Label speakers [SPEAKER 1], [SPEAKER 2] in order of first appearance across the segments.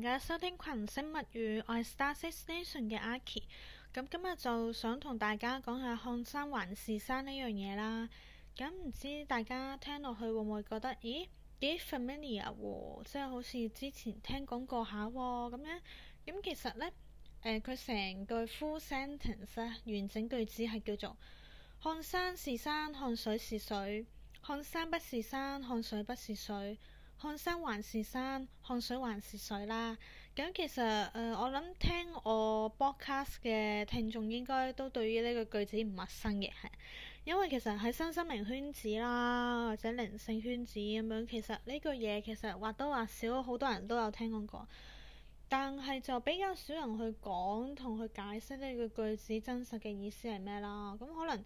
[SPEAKER 1] 大家收聽《群星物語》我 I，我係 Star Station 嘅阿 Key。咁今日就想同大家講下看山還是山呢樣嘢啦。咁唔知大家聽落去會唔會覺得，咦，幾 familiar 喎？即係好似之前聽講過下咁樣。咁其實呢，誒、呃，佢成句 full sentence 完整句子係叫做：看山是山，看水是水；看山不是山，看水不是水。看山還是山，看水還是水啦。咁其實誒、呃，我諗聽我 broadcast 嘅聽眾應該都對於呢個句子唔陌生嘅，係因為其實喺身心靈圈子啦，或者靈性圈子咁樣，其實呢句嘢其實或多或少好多人都有聽講過，但係就比較少人去講同去解釋呢個句子真實嘅意思係咩啦。咁可能。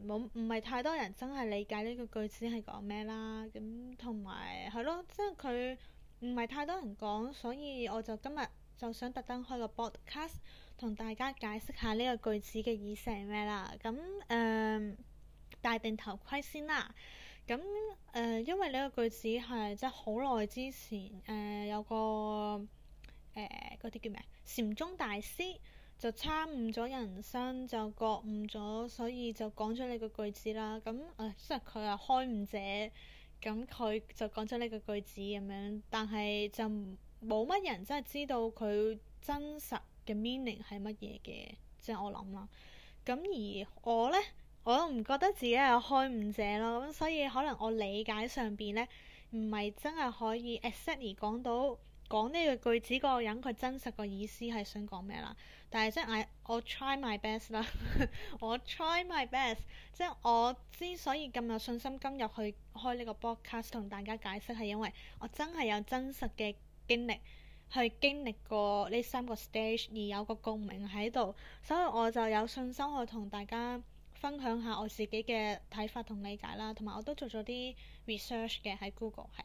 [SPEAKER 1] 冇唔係太多人真係理解呢個句子係講咩啦，咁同埋係咯，即係佢唔係太多人講，所以我就今日就想特登開個 broadcast 同大家解釋下呢個句子嘅意思係咩啦。咁誒、呃、戴定頭盔先啦。咁誒、呃，因為呢個句子係即係好耐之前誒、呃、有個誒嗰啲叫咩？禪宗大師。就參悟咗人生，就覺悟咗，所以就講咗呢個句子啦。咁誒，即係佢係開悟者，咁佢就講咗呢個句子咁樣，但係就冇乜人真係知道佢真實嘅 meaning 係乜嘢嘅，即係我諗啦。咁而我呢，我都唔覺得自己係開悟者咯，咁所以可能我理解上邊呢，唔係真係可以 accept 而講到。講呢個句子嗰個人，佢真實個意思係想講咩啦？但係即係我 try my best 啦，我 try my best，即係我之所以咁有信心今日去開呢個 broadcast 同大家解釋，係因為我真係有真實嘅經歷去經歷過呢三個 stage 而有個共鳴喺度，所以我就有信心去同大家分享下我自己嘅睇法同理解啦，同埋我都做咗啲 research 嘅喺 Google 係。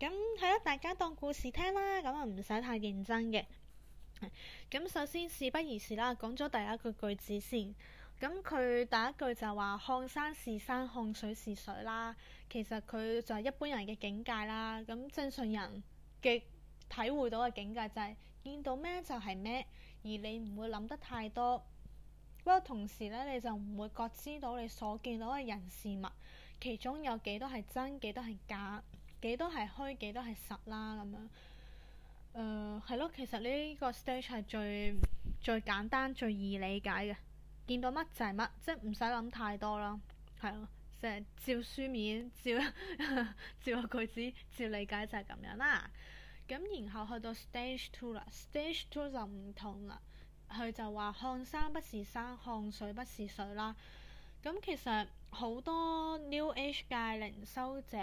[SPEAKER 1] 咁係啦，大家當故事聽啦，咁啊唔使太認真嘅。咁、嗯、首先事不宜遲啦，講咗第一句句子先。咁佢第一句就話看山是山，看水是水啦。其實佢就係一般人嘅境界啦。咁正常人嘅體會到嘅境界就係、是、見到咩就係咩，而你唔會諗得太多。不過同時咧，你就唔會覺知到你所見到嘅人事物，其中有幾多係真，幾多係假。幾多係虛，幾多係實啦咁樣。誒、呃，係咯，其實呢個 stage 係最最簡單、最易理解嘅。見到乜就係乜，即係唔使諗太多啦。係咯，即、就、係、係、照書面，照 照個句子，照理解就係咁樣啦。咁、啊、然後去到 stage two 啦，stage two 就唔同啦。佢就話看山不是山，看水不是水啦。咁、嗯、其實好多 New Age 界靈修者、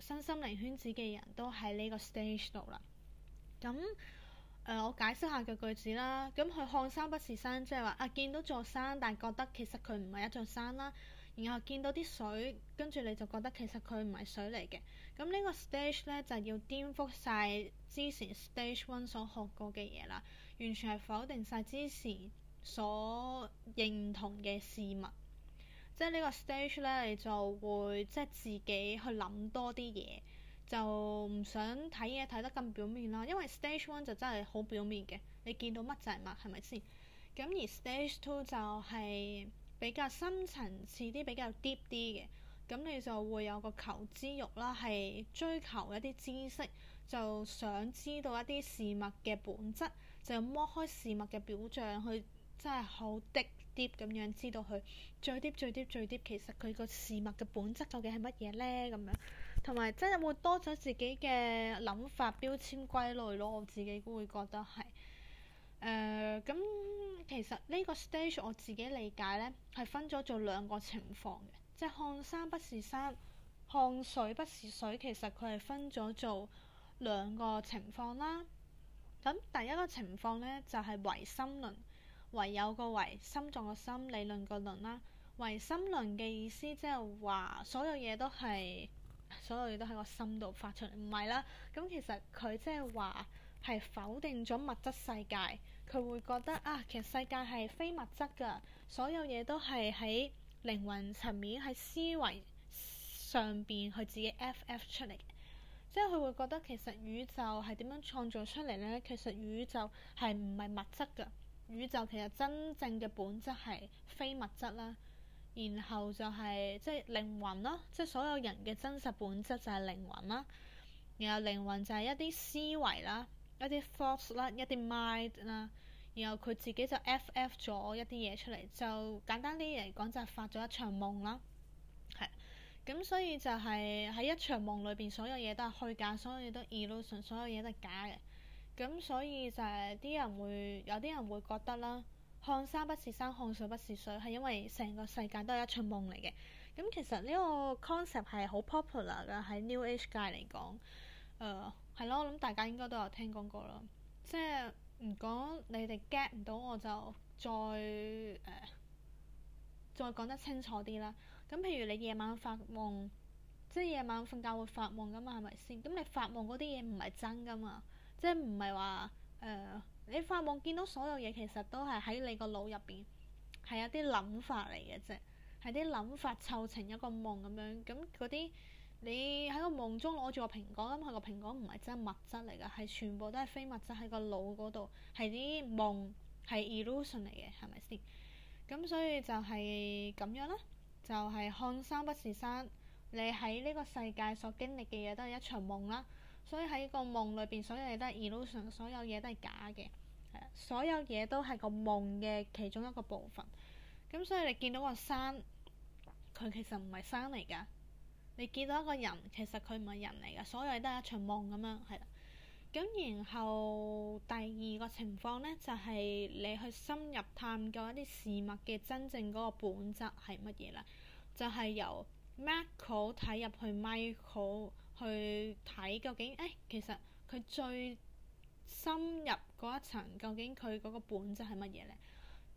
[SPEAKER 1] 身心靈圈子嘅人都喺呢個 stage 度啦。咁誒、呃，我解釋下個句，句子啦。咁佢看山不是山，即係話啊，見到座山，但係覺得其實佢唔係一座山啦。然後見到啲水，跟住你就覺得其實佢唔係水嚟嘅。咁呢個 stage 咧，就要顛覆晒之前 stage one 所學過嘅嘢啦，完全係否定晒之前所認同嘅事物。即係呢個 stage 咧，你就會即係自己去諗多啲嘢，就唔想睇嘢睇得咁表面啦。因為 stage one 就真係好表面嘅，你見到乜就係乜，係咪先？咁而 stage two 就係比較深層次啲，比較 deep 啲嘅。咁你就會有個求知欲啦，係追求一啲知識，就想知道一啲事物嘅本質，就剝開事物嘅表象，去真係好啲。咁樣知道佢最跌最跌再跌，其實佢個事物嘅本質究竟係乜嘢呢？咁樣，同埋即係有冇多咗自己嘅諗法標籤歸類咯？我自己都會覺得係誒，咁、呃、其實呢個 stage 我自己理解呢係分咗做兩個情況嘅，即係看山不是山，看水不是水。其實佢係分咗做兩個情況啦。咁第一個情況呢就係、是、唯心論。唯有個唯，心臟個心，理論個論啦，唯心論嘅意思即係話所有嘢都係所有嘢都喺個心度發出嚟，唔係啦。咁其實，佢即係話，係否定咗物質世界，佢會覺得啊，其實世界係非物質噶，所有嘢都係喺靈魂層面喺思維上邊，佢自己 f f 出嚟，即係佢會覺得其實宇宙係點樣創造出嚟咧？其實宇宙係唔係物質噶？宇宙其實真正嘅本質係非物質啦，然後就係即係靈魂囉，即係所有人嘅真實本質就係靈魂啦。然後靈魂就係一啲思維啦，一啲 thoughts 啦，一啲 mind 啦。然後佢自己就 ff 咗一啲嘢出嚟，就簡單啲嚟講就係發咗一場夢啦。係，咁所以就係喺一場夢裏邊，所有嘢都係虛假，所有嘢都 illusion，所有嘢都係假嘅。咁所以就係啲人會有啲人會覺得啦，看山不是山，看水不是水，係因為成個世界都係一場夢嚟嘅。咁其實呢個 concept 係好 popular 噶喺 New Age 界嚟講，誒係咯。我諗大家應該都有聽講過囉。即係如果你哋 get 唔到，我就再誒、呃、再講得清楚啲啦。咁譬如你夜晚發夢，即係夜晚瞓覺會發夢噶嘛，係咪先？咁你發夢嗰啲嘢唔係真噶嘛？即係唔係話誒，你發夢見到所有嘢，其實都係喺你個腦入邊，係有啲諗法嚟嘅啫，係啲諗法湊成一個夢咁樣。咁嗰啲你喺個夢中攞住個蘋果，咁、佢個蘋果唔係真物質嚟㗎，係全部都係非物質，喺個腦嗰度，係啲夢，係 illusion 嚟嘅，係咪先？咁所以就係咁樣啦，就係、是、看山不是山，你喺呢個世界所經歷嘅嘢都係一場夢啦。所以喺個夢裏邊，所有嘢都係 illusion，所有嘢都係假嘅，係啊，所有嘢都係個夢嘅其中一個部分。咁所以你見到個山，佢其實唔係山嚟噶；你見到一個人，其實佢唔係人嚟噶。所有嘢都係一場夢咁樣，係啦。咁然後第二個情況咧，就係你去深入探究一啲事物嘅真正嗰個本質係乜嘢啦。就係由 Macro 睇入去 Michael。去睇究竟，誒、欸，其實佢最深入嗰一層，究竟佢嗰個本質係乜嘢呢？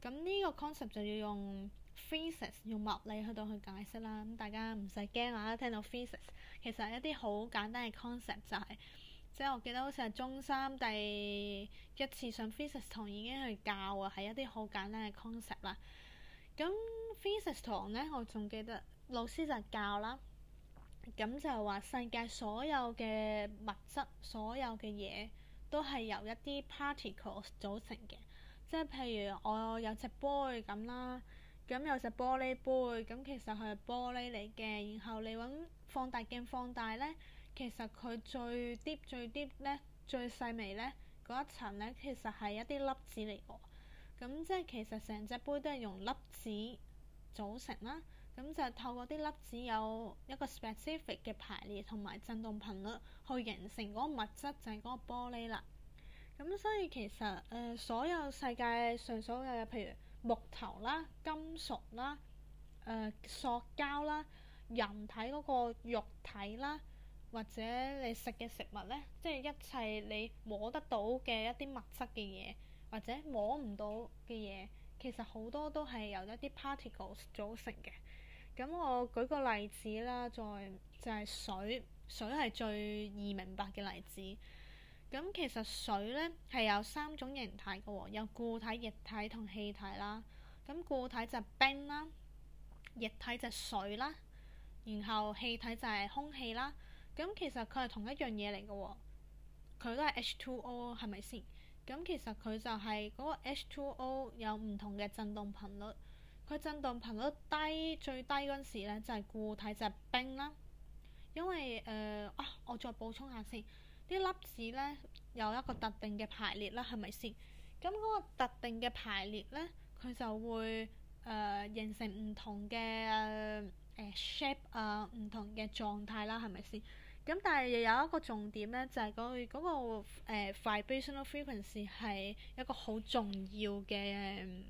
[SPEAKER 1] 咁呢個 concept 就要用 physics 用物理去到去解釋啦。咁大家唔使驚啦，聽到 physics，其實一啲好簡單嘅 concept 就係、是，即、就、係、是、我記得好似係中三第一次上 physics 堂已經去教啊，係一啲好簡單嘅 concept 啦。咁 physics 堂呢，我仲記得老師就教啦。咁就話世界所有嘅物質，所有嘅嘢都係由一啲 particles 組成嘅。即係譬如我有隻杯咁啦，咁有隻玻璃杯，咁其實佢係玻璃嚟嘅。然後你揾放大鏡放大呢，其實佢最 deep、最 deep 呢、最細微呢嗰一層呢，其實係一啲粒子嚟嘅。咁即係其實成隻杯都係用粒子組成啦。咁就透過啲粒子有一個 specific 嘅排列同埋振動頻率，去形成嗰個物質就係嗰個玻璃啦。咁所以其實誒、呃，所有世界上所有嘅，譬如木頭啦、金屬啦、呃、塑膠啦、人體嗰個肉體啦，或者你食嘅食物咧，即係一切你摸得到嘅一啲物質嘅嘢，或者摸唔到嘅嘢，其實好多都係由一啲 particles 組成嘅。咁我舉個例子啦，再就係水，水係最易明白嘅例子。咁其實水呢，係有三種形態嘅喎，有固體、液體同氣體啦。咁固體就冰啦，液體就水啦，然後氣體就係空氣啦。咁其實佢係同一樣嘢嚟嘅喎，佢都係 H2O，係咪先？咁其實佢就係嗰個 H2O 有唔同嘅震動頻率。佢震動頻率低，最低嗰陣時咧就係、是、固體，就係、是、冰啦。因為誒啊、呃哦，我再補充下先，啲粒子咧有一個特定嘅排列啦，係咪先？咁嗰個特定嘅排列咧，佢就會誒、呃、形成唔同嘅誒 shape 啊，唔同嘅狀態啦，係咪先？咁但係又有一個重點咧，就係、是、嗰、那個嗰、那個誒、那個呃、vibrational frequency 係一個好重要嘅。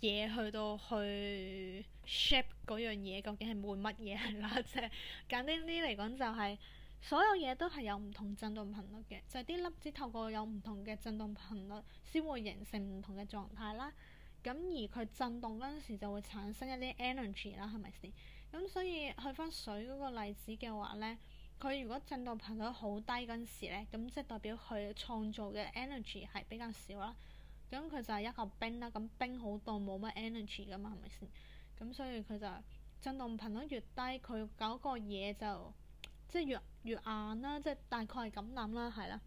[SPEAKER 1] 嘢去到去 shape 嗰樣嘢，究竟係會乜嘢係啦？即 係簡單啲嚟講，就係所有嘢都係有唔同震動頻率嘅，就係啲粒子透過有唔同嘅震動頻率，先會形成唔同嘅狀態啦。咁而佢震動嗰陣時，就會產生一啲 energy 啦，係咪先？咁所以去翻水嗰個例子嘅話咧，佢如果震動頻率好低嗰陣時咧，咁即係代表佢創造嘅 energy 係比較少啦。咁佢就係一嚿冰啦。咁冰好凍，冇乜 energy 噶嘛，係咪先？咁所以佢就震動頻率越低，佢搞個嘢就即係越越硬啦。即係大概係咁諗啦，係啦。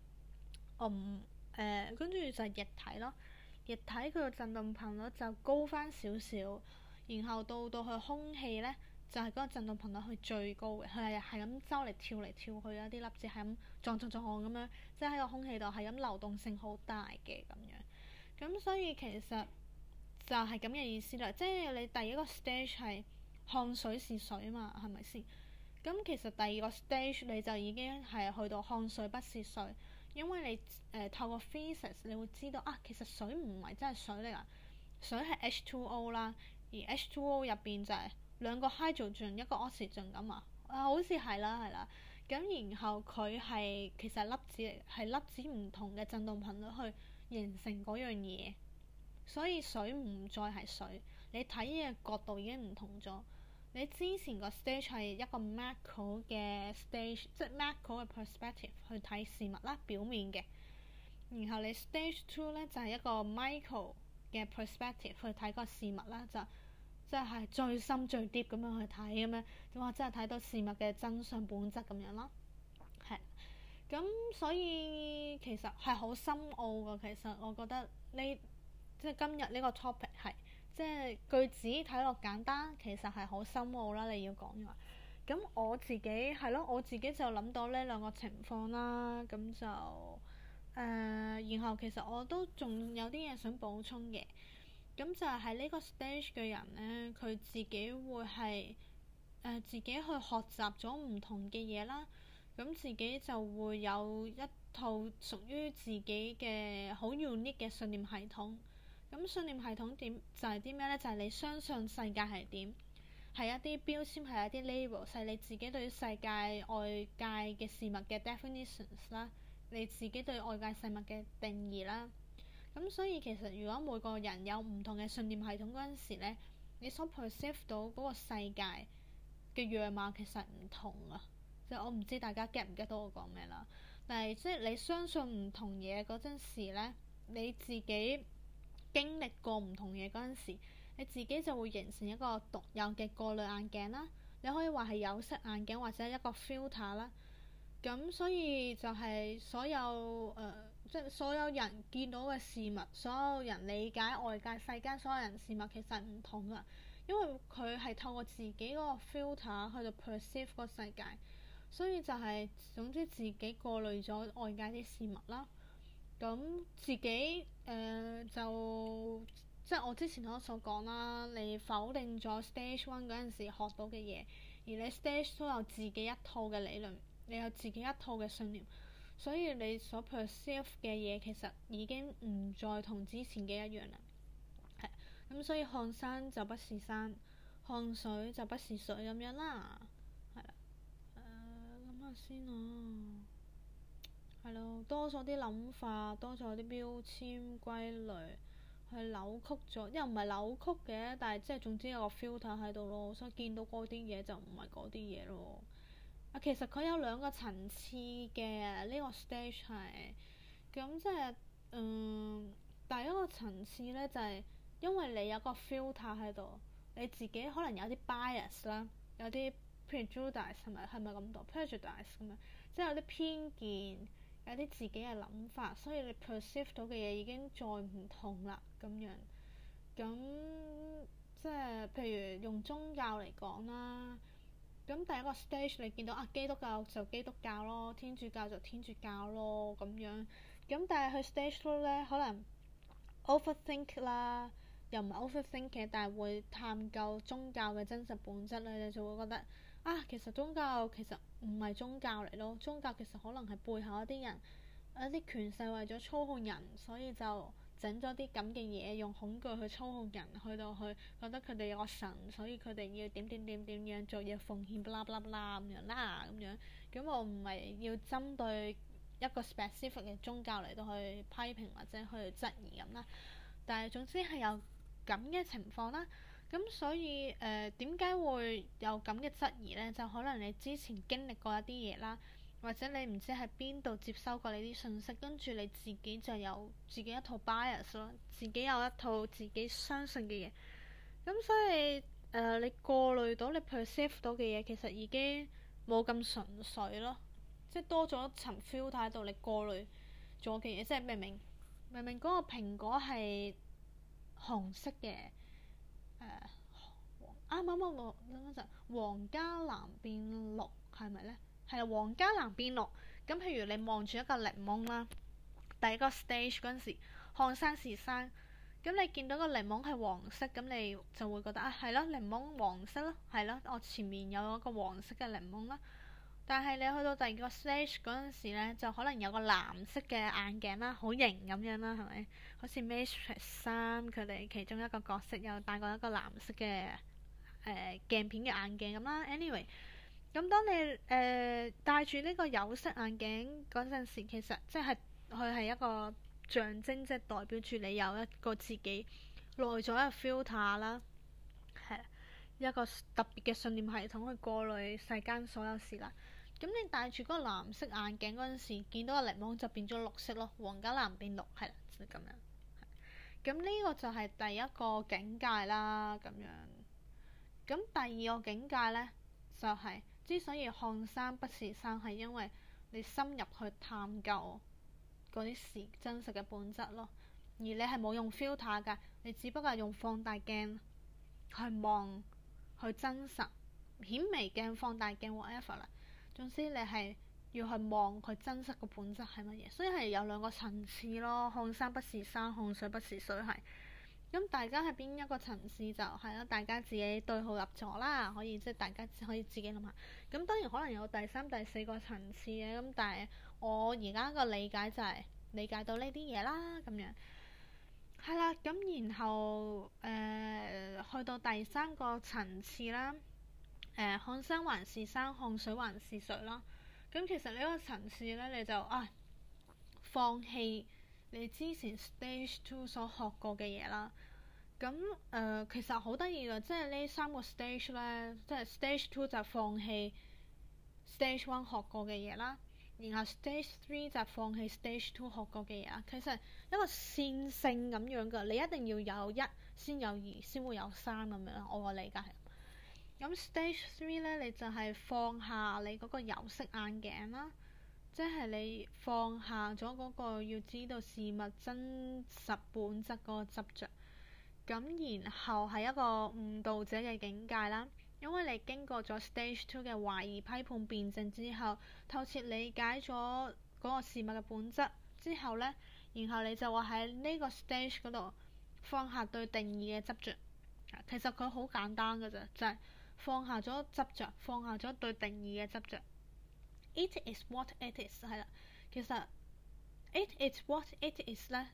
[SPEAKER 1] 嗯誒，跟住就係液體咯。液體佢個震動頻率就高翻少少，然後到到去空氣咧，就係個震動頻率係最高嘅。係係係咁周嚟跳嚟跳去啊！啲粒子係咁撞撞撞咁樣，即係喺個空氣度係咁流動性好大嘅咁樣。咁所以其實就係咁嘅意思啦，即係你第一個 stage 係看水是水嘛，係咪先？咁其實第二個 stage 你就已經係去到看水不是水，因為你誒、呃、透過 physics 你會知道啊，其實水唔係真係水嚟啦，水係 H2O 啦，而 H2O 入邊就係兩個 hydrogen 一個 oxygen 咁啊，好似係啦係啦，咁然後佢係其實粒子嚟，係粒子唔同嘅振動頻率去。形成嗰樣嘢，所以水唔再係水。你睇嘅角度已經唔同咗。你之前個 stage 係一個 macro 嘅 stage，即係 macro 嘅 perspective 去睇事物啦，表面嘅。然後你 stage two 咧就係、是、一個 micro 嘅 perspective 去睇個事物啦，就即係、就是、最深最 deep 咁樣去睇咁樣，咁哇！真係睇到事物嘅真相本質咁樣咯～咁所以其實係好深奧嘅，其實我覺得呢即係今日呢個 topic 係，即係句子睇落簡單，其實係好深奧啦。你要講嘅話，咁我自己係咯，我自己就諗到呢兩個情況啦。咁就誒、呃，然後其實我都仲有啲嘢想補充嘅。咁就喺呢個 stage 嘅人咧，佢自己會係誒、呃、自己去學習咗唔同嘅嘢啦。咁自己就會有一套屬於自己嘅好 unique 嘅信念系統。咁信念系統點就係啲咩呢？就係、係、你相信世界係點，係一啲標籤，係一啲 label，係你自己對世界外界嘅事物嘅 definitions 啦，你自己對外界事物嘅定義啦。咁所以其實如果每個人有唔同嘅信念系統嗰陣時呢，你所 perceive 到嗰個世界嘅樣貌其實唔同啊。我唔知大家 get 唔 get 到我講咩啦，但係即係你相信唔同嘢嗰陣時咧，你自己經歷過唔同嘢嗰陣時，你自己就會形成一個獨有嘅過濾眼鏡啦。你可以話係有色眼鏡或者一個 filter 啦。咁所以就係所有誒，即係所有人見到嘅事物，所有人理解外界世間所有人事物其實唔同啊，因為佢係透過自己嗰個 filter 去到 perceive 個世界。所以就係、是、總之自己過濾咗外界啲事物啦，咁、嗯、自己誒、呃、就即係我之前所講啦，你否定咗 stage one 嗰陣時學到嘅嘢，而你 stage 都有自己一套嘅理論，你有自己一套嘅信念，所以你所 perceive 嘅嘢其實已經唔再同之前嘅一樣啦，係咁、嗯、所以看山就不是山，看水就不是水咁樣啦。先啊，係咯，多咗啲諗法，多咗啲標籤歸類，係扭曲咗，又唔係扭曲嘅，但係即係總之有個 filter 喺度咯，所以見到嗰啲嘢就唔係嗰啲嘢咯。啊，其實佢有兩個層次嘅呢個 stage 係，咁即係嗯，第一個層次呢就係因為你有個 filter 喺度，你自己可能有啲 bias 啦，有啲。譬如 prejudice 係咪，係咪咁多 prejudice 咁樣，即係有啲偏見，有啲自己嘅諗法，所以你 perceive 到嘅嘢已經再唔同啦。咁樣咁即係譬如用宗教嚟講啦，咁第一個 stage 你見到啊，基督教就基督教咯，天主教就天主教咯，咁樣。咁但係去 stage 咧，可能 overthink 啦，又唔係 overthink 嘅，但係會探究宗教嘅真實本質咧，你就會覺得。啊，其實宗教其實唔係宗教嚟咯，宗教其實可能係背後一啲人一啲權勢為咗操控人，所以就整咗啲咁嘅嘢，用恐懼去操控人，去到去覺得佢哋有個神，所以佢哋要點點點點樣做嘢奉獻，bla bla bla 咁樣啦咁樣。咁我唔係要針對一個 specific 嘅宗教嚟到去批評或者去質疑咁啦，但係總之係有咁嘅情況啦。咁所以誒點解會有咁嘅質疑咧？就可能你之前經歷過一啲嘢啦，或者你唔知喺邊度接收過你啲信息，跟住你自己就有自己一套 bias 咯，自己有一套自己相信嘅嘢。咁所以誒、呃，你過濾到你 perceive 到嘅嘢，其實已經冇咁純粹咯，即係多咗一層 filter 喺度，你過濾咗嘅嘢，即係明明明明嗰個蘋果係紅色嘅。.誒啊，冇冇冇，等一陣，黃加藍變綠係咪咧？係啊，黃加藍變綠。咁譬如你望住一個檸檬啦，第一個 stage 嗰陣時，看山是山。咁你見到個檸檬係黃色，咁你就會覺得啊，係咯，檸檬黃色咯，係咯，我前面有一個黃色嘅檸檬啦。但係你去到第二個 stage 嗰陣時咧，就可能有個藍色嘅眼鏡啦，好型咁樣啦，係咪？好似 Matrix 三佢哋其中一個角色又戴過一個藍色嘅誒、呃、鏡片嘅眼鏡咁啦。Anyway，咁當你誒、呃、戴住呢個有色眼鏡嗰陣時，其實即係佢係一個象徵，即係代表住你有一個自己內在一個 filter 啦，係一個特別嘅信念系統去過濾世間所有事啦。咁你戴住嗰個藍色眼鏡嗰陣時，見到個檸檬就變咗綠色咯。黃加藍變綠，係啦，就咁、係、樣。咁呢個就係第一個境界啦。咁樣，咁第二個境界呢，就係、係、之所以看山不是山，係因為你深入去探究嗰啲事真實嘅本質咯。而你係冇用 filter 㗎，你只不過係用放大鏡去望，去真實顯微鏡、放大鏡 whatever 啦。總之，你係要去望佢真實嘅本質係乜嘢，所以係有兩個層次咯，看山不是山，看水不是水是，係。咁大家係邊一個層次就係、是、啦，大家自己對號入座啦，可以即係、就是、大家可以自己諗下。咁當然可能有第三、第四個層次嘅，咁但係我而家個理解就係理解到呢啲嘢啦，咁樣。係啦，咁然後誒、呃、去到第三個層次啦。誒看、呃、山還是山，看水還是水啦，咁、嗯、其實個層呢個層次咧，你就啊放棄你之前 stage two 所學過嘅嘢啦，咁、嗯、誒、呃、其實好得意嘅，即係呢三個 stage 咧，即係 stage two 就放棄 stage one 學過嘅嘢啦，然後 stage three 就放棄 stage two 學過嘅嘢，其實一個線性咁樣嘅，你一定要有一先有二先會有三咁樣，我個理解。咁 stage three 咧，你就係放下你嗰個有色眼鏡啦，即係你放下咗嗰個要知道事物真實本質嗰個執著。咁然後係一個悟道者嘅境界啦，因為你經過咗 stage two 嘅懷疑、批判、辯證之後，透徹理解咗嗰個事物嘅本質之後咧，然後你就話喺呢個 stage 嗰度放下對定義嘅執着，其實佢好簡單噶咋，就係、是。放下咗執着，放下咗對定義嘅執着。It is what it is，係啦。其實，it is what it is 咧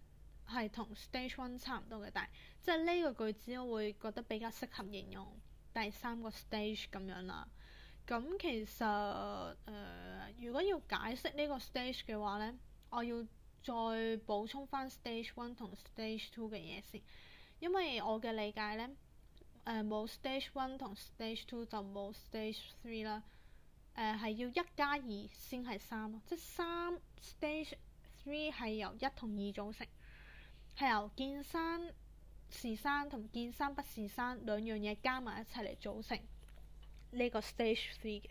[SPEAKER 1] 係同 stage one 差唔多嘅，但係即係呢個句子我會覺得比較適合形容第三個 stage 咁樣啦。咁其實誒、呃，如果要解釋呢個 stage 嘅話咧，我要再補充翻 stage one 同 stage two 嘅嘢先，因為我嘅理解咧。誒冇、呃、stage one 同 stage two 就冇 stage three 啦。誒、呃、係要一加二先係三咯，即係三 stage three 係由一同二組成，係由見山是山同見山不是山兩樣嘢加埋一齊嚟組成呢、這個 stage three 嘅。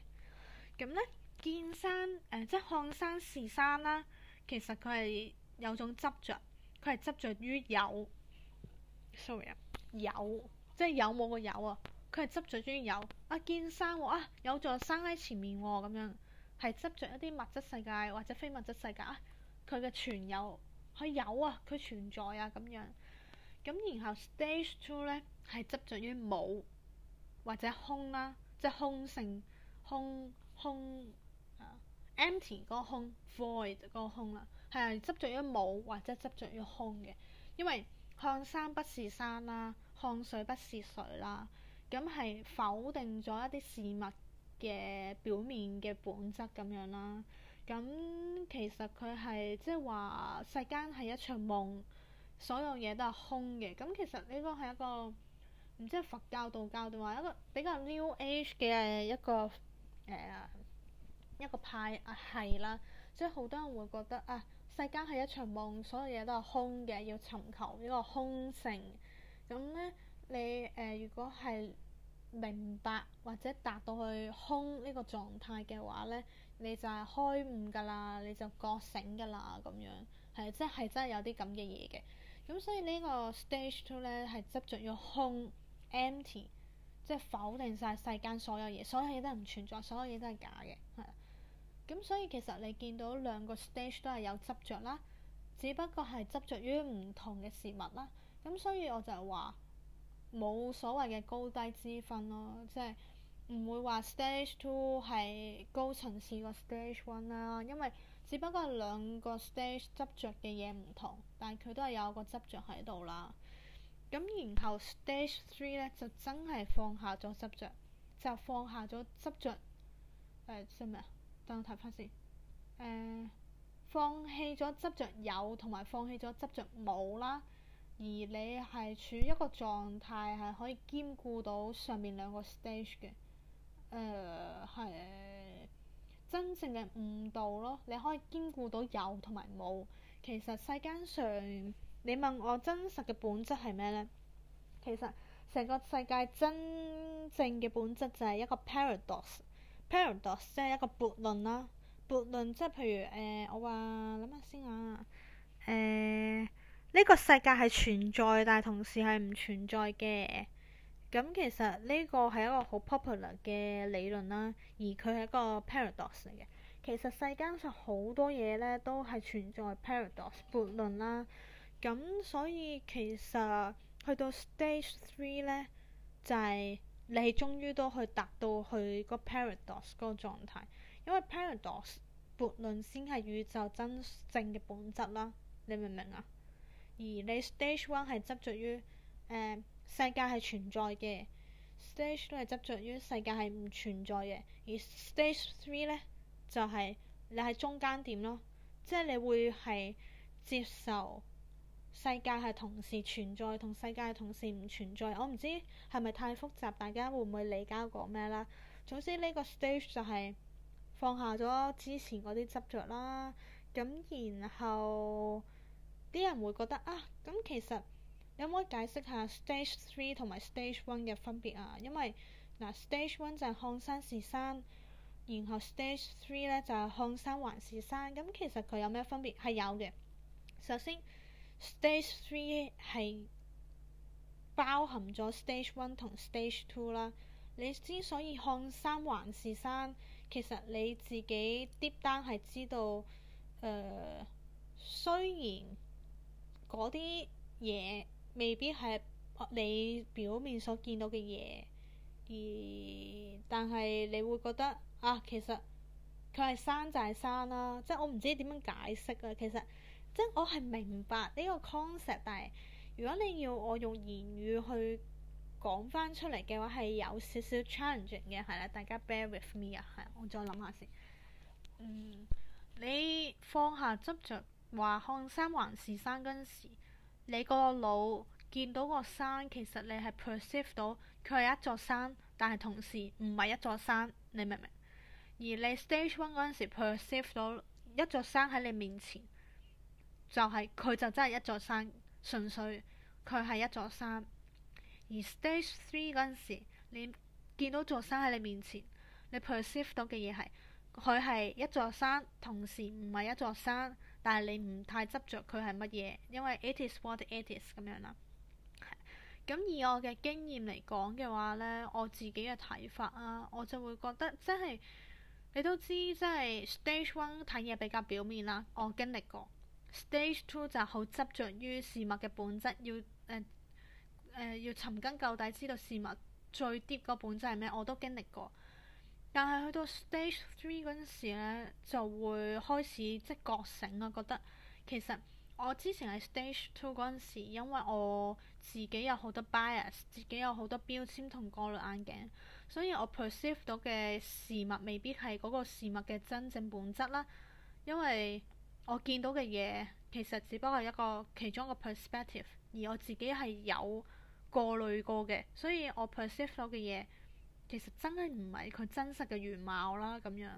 [SPEAKER 1] 咁咧，見山誒、呃、即係看山是山啦、啊，其實佢係有種執着，佢係執着於有。sorry，啊，有。即係有冇個有啊？佢係執著於有啊，見山啊，啊有座山喺前面咁、啊、樣，係執着一啲物質世界或者非物質世界啊。佢嘅存有，佢有啊，佢存在啊，咁樣咁。然後 stage two 咧係執着於冇或者空啦、啊，即係空性空空、uh, empty 個空，void 個空啦、啊，係執着於冇或者執着於空嘅，因為看山不是山啦、啊。看水不是水啦，咁係否定咗一啲事物嘅表面嘅本質咁樣啦。咁其實佢係即係話世間係一場夢，所有嘢都係空嘅。咁其實呢個係一個唔知係佛教道教定話一個比較 New Age 嘅一個誒、呃、一個派系、啊、啦。即係好多人會覺得啊，世間係一場夢，所有嘢都係空嘅，要尋求呢個空性。咁咧，你誒、呃、如果係明白或者達到去空呢個狀態嘅話咧，你就係開悟噶啦，你就覺醒噶啦，咁樣係即係真係有啲咁嘅嘢嘅。咁所以呢個 stage two 咧，係執着於空，empty，即係否定晒世間所有嘢，所有嘢都唔存在，所有嘢都係假嘅，係。咁所以其實你見到兩個 stage 都係有執着啦，只不過係執着於唔同嘅事物啦。咁、嗯、所以我就話冇所謂嘅高低之分咯，即係唔會話 stage two 係高層次過 stage one 啦，因為只不過兩個 stage 執着嘅嘢唔同，但係佢都係有個執着喺度啦。咁然後 stage three 咧就真係放下咗執着，就放下咗執着。誒、哎？做咩啊？等我睇翻先。誒、呃，放棄咗執着有同埋放棄咗執着冇啦。而你係處於一個狀態，係可以兼顧到上面兩個 stage 嘅。誒、呃，係真正嘅悟道咯。你可以兼顧到有同埋冇。其實世間上，你問我真實嘅本質係咩咧？其實成個世界真正嘅本質就係一個 paradox，paradox 即係 par 一個悖論啦。悖論即係譬如誒、呃，我話諗下先啊。誒、呃。呢個世界係存在，但係同時係唔存在嘅。咁其實呢個係一個好 popular 嘅理論啦，而佢係一個 paradox 嚟嘅。其實世間上好多嘢咧都係存在 paradox 悖論啦。咁所以其實去到 stage three 咧，就係你終於都去達到去個 paradox 嗰個狀態，因為 paradox 悖論先係宇宙真正嘅本質啦。你明唔明啊？而你 stage one 係執着於誒、呃、世界係存在嘅，stage two 係執着於世界係唔存在嘅，而 stage three 咧就係、是、你喺中間點咯，即係你會係接受世界係同時存在同世界同時唔存在。我唔知係咪太複雜，大家會唔會理解講咩啦？總之呢個 stage 就係放下咗之前嗰啲執着啦，咁然後。啲人會覺得啊，咁其實有冇可以解釋下 stage three 同埋 stage one 嘅分別啊？因為嗱、啊，stage one 就係看山是山，然後 stage three 咧就係看山還是山。咁其實佢有咩分別？係有嘅。首先，stage three 係包含咗 stage one 同 stage two 啦。你之所以看山還是山，其實你自己 deep down 係知道誒、呃，雖然。嗰啲嘢未必係你表面所見到嘅嘢，而但係你會覺得啊，其實佢係山就係山啦，啊，即係我唔知點樣解釋啊。其實即係我係明白呢個 concept，但係如果你要我用言語去講翻出嚟嘅話，係有少少 challenging 嘅，係啦，大家 bear with me 啊，係，我再諗下先。嗯，你放下執着。話看山還是山嗰陣時，你個腦見到個山，其實你係 perceive 到佢係一座山，但係同時唔係一座山，你明唔明？而你 stage one 嗰陣時 perceive 到一座山喺你面前，就係佢就真係一座山，純粹佢係一座山。而 stage three 嗰陣時，你見到座山喺你面前，你 perceive 到嘅嘢係佢係一座山，同時唔係一座山。但係你唔太執着佢係乜嘢，因為 it is what it is 咁樣啦。咁、嗯、以我嘅經驗嚟講嘅話呢，我自己嘅睇法啊，我就會覺得即係你都知，即係 stage one 睇嘢比較表面啦，我經歷過。stage two 就好執着於事物嘅本質，要誒、呃呃、要尋根究底，知道事物最 deep 個本質係咩，我都經歷過。但係去到 stage three 嗰陣時咧，就會開始即覺醒啦。我覺得其實我之前喺 stage two 嗰陣時，因為我自己有好多 bias，自己有好多標籤同過濾眼鏡，所以我 perceive 到嘅事物未必係嗰個事物嘅真正本質啦。因為我見到嘅嘢其實只不過係一個其中一個 perspective，而我自己係有過濾過嘅，所以我 perceive 到嘅嘢。其實真係唔係佢真實嘅原貌啦，咁樣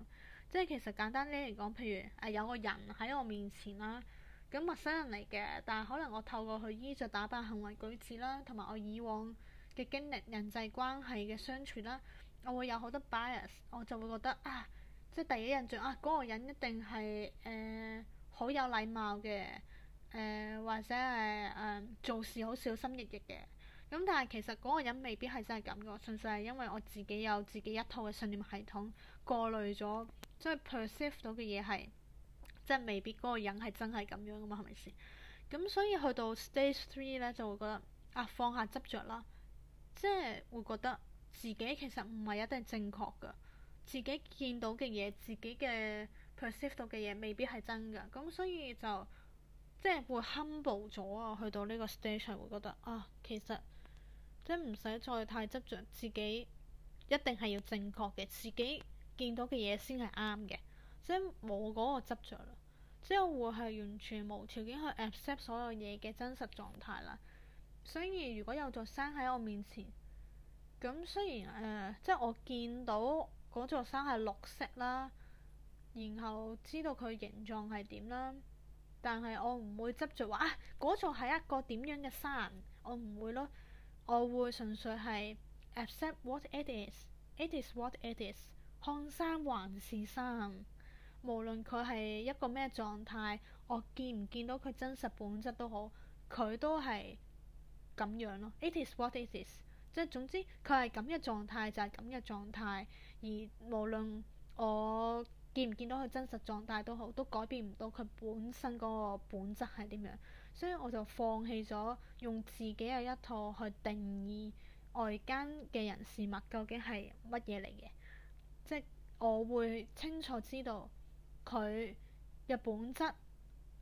[SPEAKER 1] 即係其實簡單啲嚟講，譬如誒有個人喺我面前啦，咁陌生人嚟嘅，但係可能我透過佢衣着打扮、行為舉止啦，同埋我以往嘅經歷、人際關係嘅相處啦，我會有好多 bias，我就會覺得啊，即係第一印象啊，嗰、嗰個人一定係誒好有禮貌嘅誒、呃，或者係誒誒、呃、做事好小心翼翼嘅。咁但係其實嗰個人未必係真係咁嘅，純粹係因為我自己有自己一套嘅信念系統過濾咗、就是，即係 perceive 到嘅嘢係即係未必嗰個人係真係咁樣噶嘛，係咪先？咁所以去到 stage three 咧就會覺得啊，放下執着啦，即係會覺得自己其實唔係一定係正確嘅，自己見到嘅嘢，自己嘅 perceive 到嘅嘢未必係真嘅，咁所以就即係會 humble 咗啊，去到呢個 stage 係會覺得啊其實。即係唔使再太執着，自己，一定係要正確嘅，自己見到嘅嘢先係啱嘅。即係冇嗰個執著啦，即係我會係完全無條件去 accept 所有嘢嘅真實狀態啦。所以如果有座山喺我面前，咁雖然誒、呃，即係我見到嗰座山係綠色啦，然後知道佢形狀係點啦，但係我唔會執着話啊嗰座係一個點樣嘅山，我唔會咯。我會純粹係 accept what it is，it is what it is，看山還是山，無論佢係一個咩狀態，我見唔見到佢真實本質都好，佢都係咁樣咯。It is what it is，即係總之佢係咁嘅狀態就係咁嘅狀態，而無論我見唔見到佢真實狀態都好，都改變唔到佢本身嗰個本質係點樣。所以我就放棄咗用自己嘅一套去定義外間嘅人事物究竟係乜嘢嚟嘅，即我會清楚知道佢嘅本質，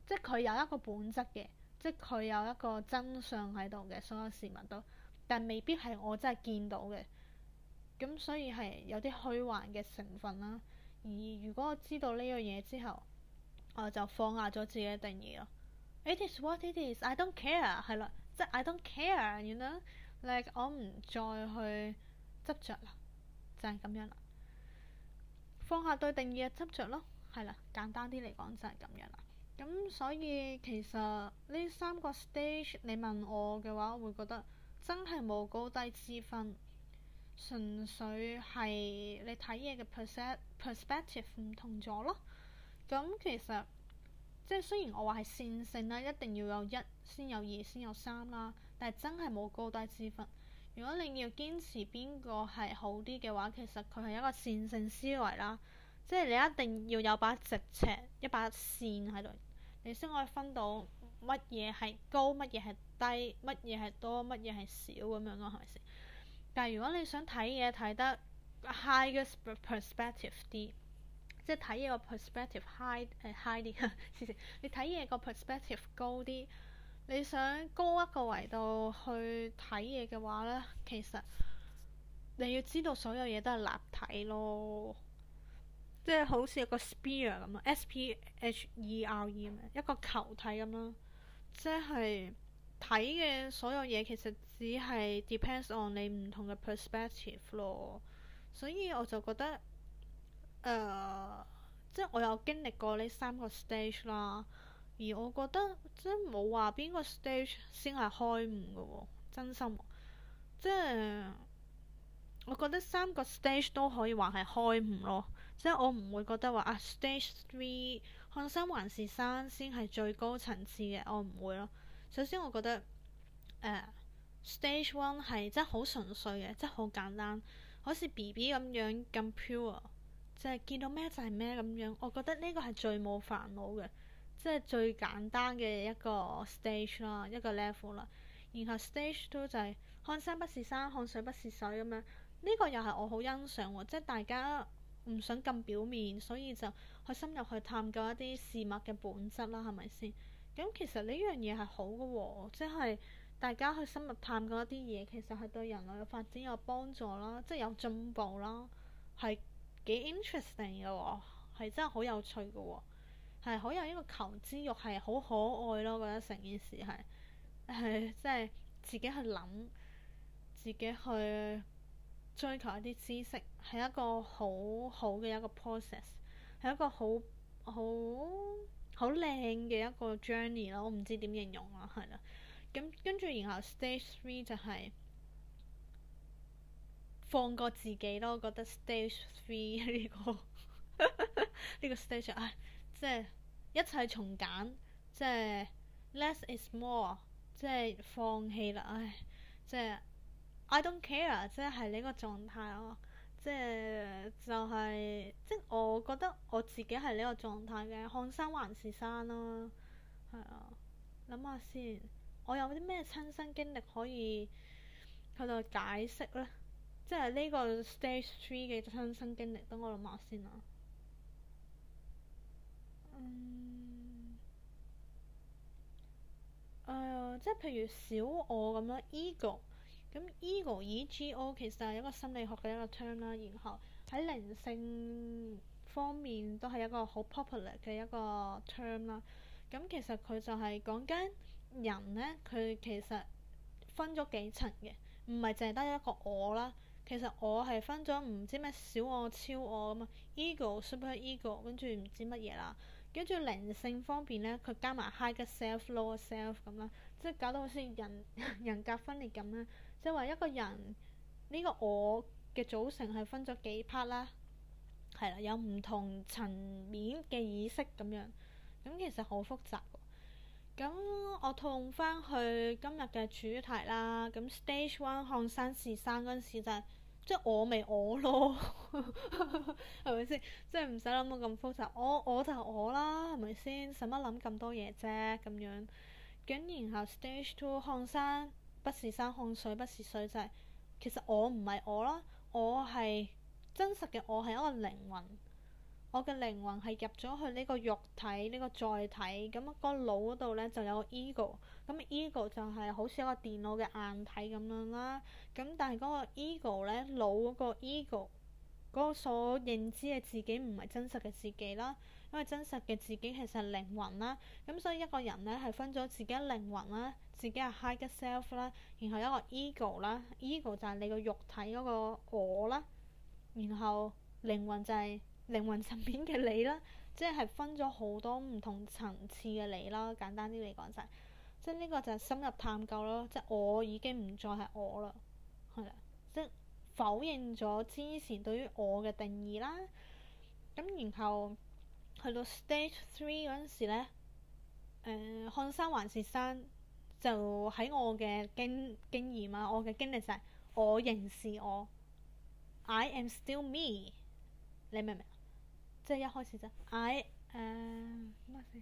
[SPEAKER 1] 即佢有一個本質嘅，即佢有一個真相喺度嘅，所有事物都，但未必係我真係見到嘅，咁所以係有啲虛幻嘅成分啦。而如果我知道呢樣嘢之後，我就放下咗自己嘅定義咯。It is what it is. I don't care. 係啦，即係 I don't care. You know, like 我唔再去執着啦，就係咁樣啦。放下對定義嘅執着咯，係啦。簡單啲嚟講就係咁樣啦。咁所以其實呢三個 stage，你問我嘅話，我會覺得真係冇高低之分，純粹係你睇嘢嘅 perspective 唔同咗咯。咁其實。即係雖然我話係線性啦，一定要有一先有二先有三啦，但係真係冇高低之分。如果你要堅持邊個係好啲嘅話，其實佢係一個線性思維啦。即係你一定要有把直尺，一把線喺度，你先可以分到乜嘢係高，乜嘢係低，乜嘢係多，乜嘢係少咁樣咯，係咪先？但係如果你想睇嘢睇得 higher perspective 啲。即係睇嘢個 perspective high 誒 high 啲 你睇嘢個 perspective 高啲，你想高一個維度去睇嘢嘅話呢，其實你要知道所有嘢都係立體咯，即係 好似一個 sphere 咁啊，S P H E R E 啊，一個球體咁啦，即係睇嘅所有嘢其實只係 depends on 你唔同嘅 perspective 咯，所以我就覺得。誒，uh, 即係我有經歷過呢三個 stage 啦。而我覺得即係冇話邊個 stage 先係開悟嘅、哦、真心即係我覺得三個 stage 都可以話係開悟咯。即係我唔會覺得話啊，stage three 看身還是三先係最高層次嘅，我唔會咯。首先，我覺得誒、uh, stage one 係即係好純粹嘅，即係好簡單，好似 B B 咁樣咁 pure。就係見到咩就係咩咁樣，我覺得呢個係最冇煩惱嘅，即係最簡單嘅一個 stage 啦，一個 level 啦。然後 stage two 就係看山不是山，看水不是水咁樣。呢個又係我好欣賞，即係大家唔想咁表面，所以就去深入去探究一啲事物嘅本質啦，係咪先？咁其實呢樣嘢係好嘅，即係大家去深入探究一啲嘢，其實係對人類嘅發展有幫助啦，即係有進步啦，係。幾 interesting 嘅喎，係真係好有趣嘅喎、哦，係好有呢、哦、個求知欲，係好可愛咯。覺得成件事係係即係自己去諗，自己去追求一啲知識，係一個好好嘅一個 process，係一個好好好靚嘅一個 journey 咯，我唔知點形容啦，係啦，咁跟住然後 stage three 就係、是。放過自己咯，我覺得 stage three 呢個呢 個 stage 唉、哎，即係一切從簡，即係 less is more，即係放棄啦。唉、哎，即係 I don't care，即係呢個狀態咯。即係就係、係就係、即係我覺得我自己係呢個狀態嘅，看山還是山咯。係啊，諗下、啊、先，我有啲咩親身經歷可以喺度解釋咧？即係呢個 stage three 嘅親身經歷，等我諗下先啊。嗯，呃、即係譬如小我咁樣，ego。咁、e、ego，E.G.O.、E、其實係一個心理學嘅一個 term 啦。然後喺靈性方面都係一個好 popular 嘅一個 term 啦。咁其實佢就係講緊人呢，佢其實分咗幾層嘅，唔係淨係得一個我啦。其實我係分咗唔知咩小我、超我咁啊 ego、super ego 跟住唔知乜嘢啦，跟住靈性方面咧，佢加埋 high 嘅 self、low 嘅 self 咁啦，即係搞到好似人人格分裂咁啦，即係話一個人呢、呢個我嘅組成係分咗幾 part 啦，係啦，有唔同層面嘅意識咁樣，咁其實好複雜、啊。咁我套用翻去今日嘅主題啦，咁 stage one 看山是山嗰陣時就係。即係我咪我咯，係咪先？即係唔使諗到咁複雜，我我就係我啦，係咪先？使乜諗咁多嘢啫？咁樣，咁然後 stage two 看山不是山，看水不是水就係、是、其實我唔係我啦，我係真實嘅我係一個靈魂，我嘅靈魂係入咗去呢個肉體呢、呢個載體，咁個腦嗰度咧就有個 ego。咁 ego 就係好似一個電腦嘅硬體咁樣啦。咁但係嗰個 ego 咧，腦嗰個 ego 嗰個所認知嘅自己唔係真實嘅自己啦，因為真實嘅自己其實係靈魂啦。咁所以一個人咧係分咗自己嘅靈魂啦，自己係 higher self 啦，然後一個 ego 啦，ego 就係你個肉體嗰個我啦，然後靈魂就係靈魂上面嘅你啦，即係分咗好多唔同層次嘅你啦。簡單啲嚟講就係。即係呢個就係深入探究咯，即係我已經唔再係我啦，係啦，即係否認咗之前對於我嘅定義啦。咁然後去到 stage three 嗰陣時咧，誒、呃、看山還是山，就喺我嘅經經驗啊，我嘅經歷就係、是、我認識我，I am still me，你明唔明？即係一開始就 I 誒、呃，乜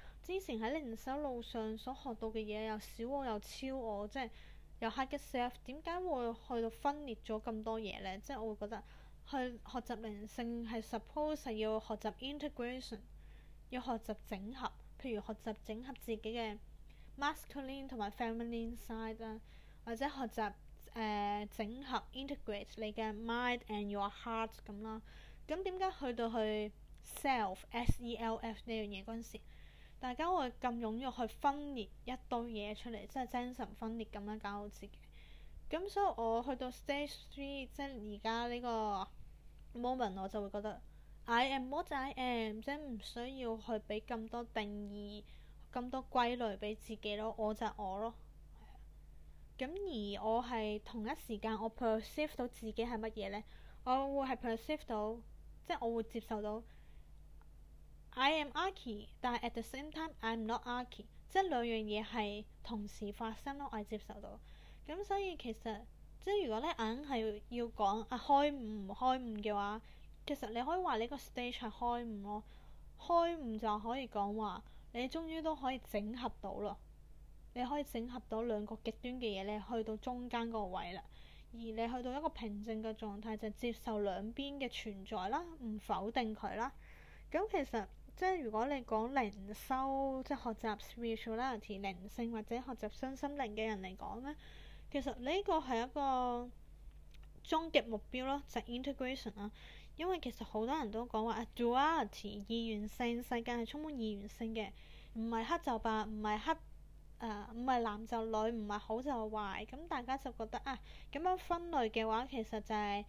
[SPEAKER 1] 之前喺靈修路上所學到嘅嘢又小我又超我，即係又黑嘅 self，點解會去到分裂咗咁多嘢呢？即係我會覺得去學習靈性係 suppose 係要學習 integration，要學習整合，譬如學習整合自己嘅 masculine 同埋 feminine side 啊，或者學習誒、呃、整合 integrate 你嘅 mind and your heart 咁啦。咁點解去到去 self s e l f 呢樣嘢嗰陣時？大家會咁踴躍去分裂一堆嘢出嚟，即係精神分裂咁樣搞到自己。咁所以我去到 stage three，即係而家呢個 moment，我就會覺得 I am 我就係 I am，即係唔需要去俾咁多定義、咁多歸類俾自己咯，我就係我咯。咁而我係同一時間，我 perceive 到自己係乜嘢呢？我會係 perceive 到，即係我會接受到。I am Archie 但係 at the same time I'm not Archie，即係兩樣嘢係同時發生咯，我係接受到。咁所以其實即係如果咧硬係要講啊開悟唔開悟嘅話，其實你可以話你個 stage 係開悟咯，開悟就可以講話你終於都可以整合到啦，你可以整合到兩個極端嘅嘢，你去到中間嗰個位啦。而你去到一個平靜嘅狀態，就接受兩邊嘅存在啦，唔否定佢啦。咁其實。即係如果你講靈修，即係學習 spirituality 靈性或者學習身心靈嘅人嚟講咧，其實呢個係一個終極目標咯，就係 integration 啊。因為其實好多人都講話，啊、duality 二元性，世界係充滿二元性嘅，唔係黑就白，唔係黑，誒，唔係男就女，唔係好就壞。咁大家就覺得啊，咁樣分類嘅話，其實就係、是，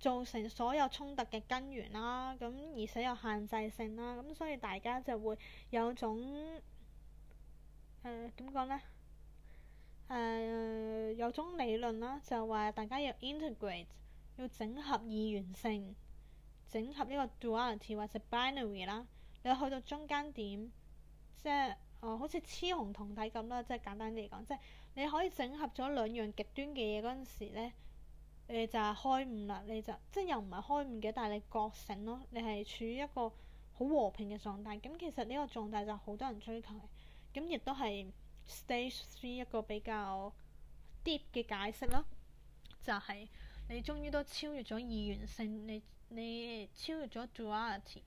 [SPEAKER 1] 造成所有衝突嘅根源啦，咁而且有限制性啦，咁所以大家就會有種誒點講咧？誒、呃呃、有種理論啦，就話大家要 integrate，要整合二元性，整合呢個 duality 或者 binary 啦。你去到中間點，即係、哦、好似雌雄同體咁啦，即係簡單啲嚟講，即係你可以整合咗兩樣極端嘅嘢嗰陣時咧。你就係開悟啦，你就即係又唔係開悟嘅，但係你覺醒咯，你係處於一個好和平嘅狀態。咁其實呢個狀態就好多人追求嘅，咁亦都係 stage three 一個比較 deep 嘅解釋咯。就係你終於都超越咗二元性，你你超越咗 duality。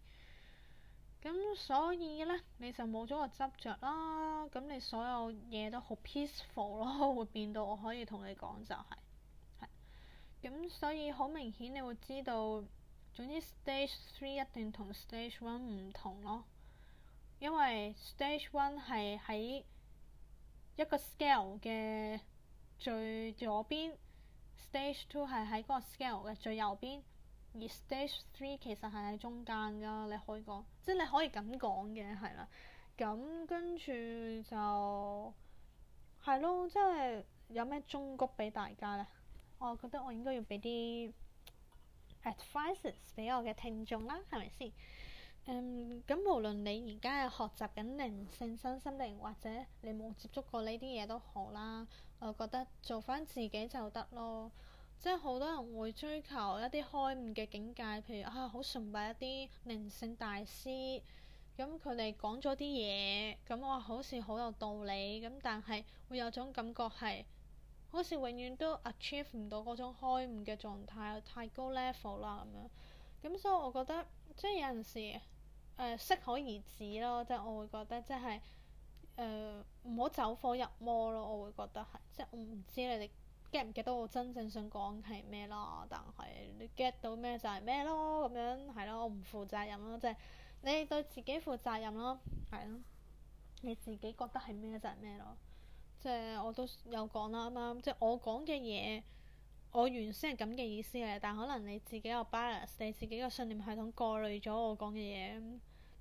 [SPEAKER 1] 咁所以咧，你就冇咗個執着啦。咁你所有嘢都好 peaceful 咯，會變到我可以同你講就係、是。咁所以好明顯，你會知道，總之 stage three 一定同 stage one 唔同咯。因為 stage one 係喺一個 scale 嘅最左邊，stage two 係喺嗰個 scale 嘅最右邊，而 stage three 其實係喺中間㗎。你可以講，即係你可以咁講嘅，係啦。咁跟住就係咯，即係有咩忠告俾大家咧？我覺得我應該要俾啲 advises 俾我嘅聽眾啦，係咪先？咁、嗯、無論你而家係學習緊靈性、身心靈，或者你冇接觸過呢啲嘢都好啦。我覺得做翻自己就得咯。即係好多人會追求一啲開悟嘅境界，譬如啊，好崇拜一啲靈性大師。咁佢哋講咗啲嘢，咁我好似好有道理。咁但係會有種感覺係，好似永遠都 achieve 唔到嗰種開悟嘅狀態，太高 level 啦咁樣。咁所以我覺得，即係有陣時，誒、呃、適可而止咯。即係我會覺得，即係誒唔好走火入魔咯。我會覺得係，即係我唔知你哋 get 唔 get 到我真正想講係咩咯。但係你 get 到咩就係咩咯，咁樣係咯。我唔負責任咯，即係你對自己負責任咯，係咯。你自己覺得係咩就係咩咯。即係我都有講啦，啱啱？即係我講嘅嘢，我原先係咁嘅意思嘅，但可能你自己有 balance，你自己個信念系統過濾咗我講嘅嘢，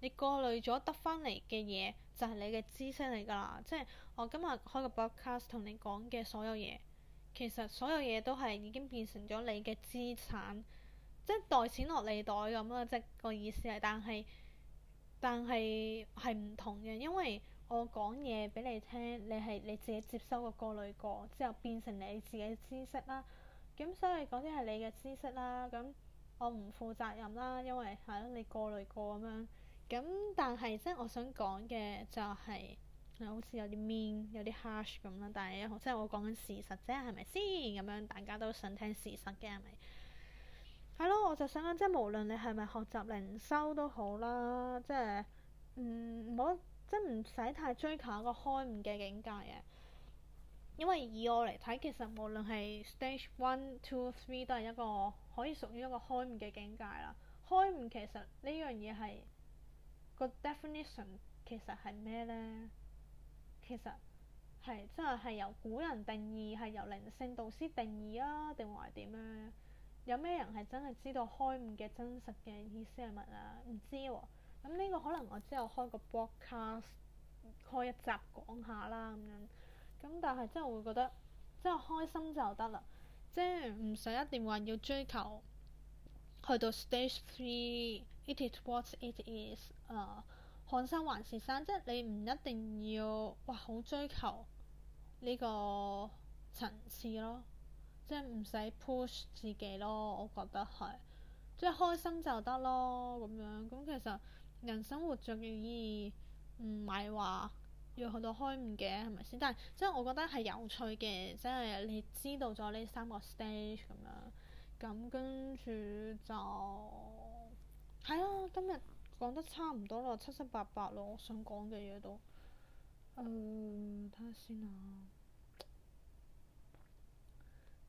[SPEAKER 1] 你過濾咗得翻嚟嘅嘢就係你嘅知識嚟㗎啦。即係我今日開個 broadcast 同你講嘅所有嘢，其實所有嘢都係已經變成咗你嘅資產，即係袋錢落你袋咁啦，即係個意思係。但係但係係唔同嘅，因為。我講嘢俾你聽，你係你自己接收個過濾過之後變成你自己知識啦。咁所以嗰啲係你嘅知識啦。咁我唔負責任啦，因為係咯，你過濾過咁樣。咁但係即係我想講嘅就係、是，好似有啲 mean 有啲 harsh 咁啦。但係即係我講緊事實啫，係咪先咁樣？大家都想聽事實嘅係咪？係咯，我就想講，即係無論你係咪學習靈修都好啦，即係唔好。嗯即係唔使太追求一個開悟嘅境界嘅，因為以我嚟睇，其實無論係 stage one、two、three 都係一個可以屬於一個開悟嘅境界啦。開悟其實呢樣嘢係個 definition、這個、其實係咩咧？其實係即係係由古人定義，係由靈性導師定義啊，定話點樣？有咩人係真係知道開悟嘅真實嘅意思係乜啊？唔知喎、啊。咁呢、嗯呢個可能我之後開個 broadcast，開一集講下啦，咁樣咁。但係真係會覺得真係開心就得啦，即係唔使一定話要追求去到 stage three，it is what it is，uh, 看山還是山，即係你唔一定要哇好追求呢個層次咯，即係唔使 push 自己咯。我覺得係即係開心就得咯，咁樣咁其實。人生活着嘅意義唔係話要去到開悟嘅，係咪先？但係即係我覺得係有趣嘅，即係你知道咗呢三個 stage 咁樣，咁跟住就係啊，今日講得差唔多咯，七七八八咯，我想講嘅嘢都，嗯、呃，睇下先啊，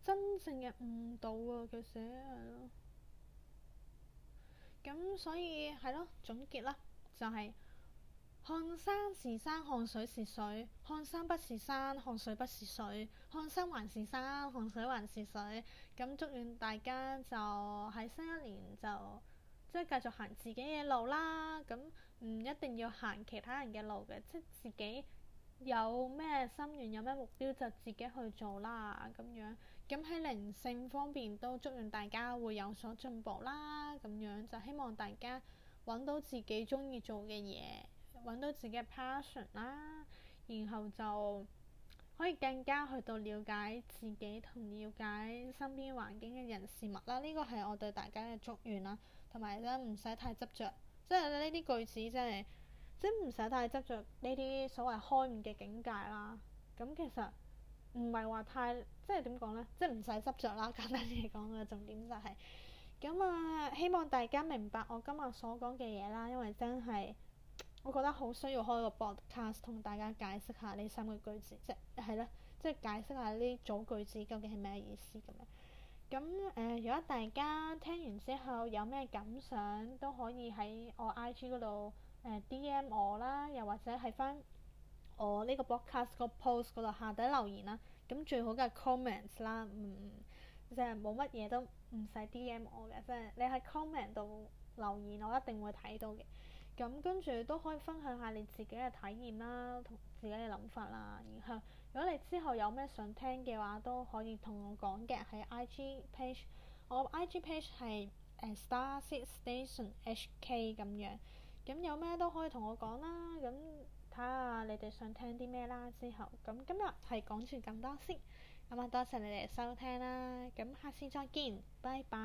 [SPEAKER 1] 真正嘅悟到啊，其實係咯。咁所以係囉，總結啦，就係看山是山，看水是水；看山不是山，看水不是水；看山還是山，看水還是水。咁祝願大家就喺新一年就即係繼續行自己嘅路啦。咁唔一定要行其他人嘅路嘅，即係自己有咩心願，有咩目標就自己去做啦。咁樣。咁喺靈性方面都祝願大家會有所進步啦，咁樣就希望大家揾到自己中意做嘅嘢，揾、嗯、到自己嘅 passion 啦，然後就可以更加去到了解自己同了解身邊環境嘅人事物啦。呢、呢個係我對大家嘅祝願啦，同埋咧唔使太執着，即係呢啲句子真係即係，即係唔使太執着呢啲所謂開悟嘅境界啦。咁其實。唔係話太，即係點講呢？即係唔使執着啦。簡單啲嚟講嘅重點就係、是，咁啊希望大家明白我今日所講嘅嘢啦。因為真係，我覺得好需要開個 broadcast 同大家解釋下呢三個句子，即係咧，即係、就是、解釋下呢組句子究竟係咩意思咁樣。咁誒、呃，如果大家聽完之後有咩感想，都可以喺我 IG 度誒、呃、DM 我啦，又或者係翻。我呢個 broadcast 個 post 嗰度下底留言啦、啊，咁最好嘅 comment 啦，嗯，即係冇乜嘢都唔使 DM 我嘅，即係你喺 comment 度留言，我一定會睇到嘅。咁跟住都可以分享下你自己嘅體驗啦，同自己嘅諗法啦。然後如果你之後有咩想聽嘅話，都可以同我講嘅。喺 IG page，我 IG page 係、呃、Star City Station HK 咁樣。咁有咩都可以同我講啦。咁。睇下你哋想聽啲咩啦，之後，咁今日係講住咁多先，咁啊多謝你哋收聽啦，咁下次再見，拜拜。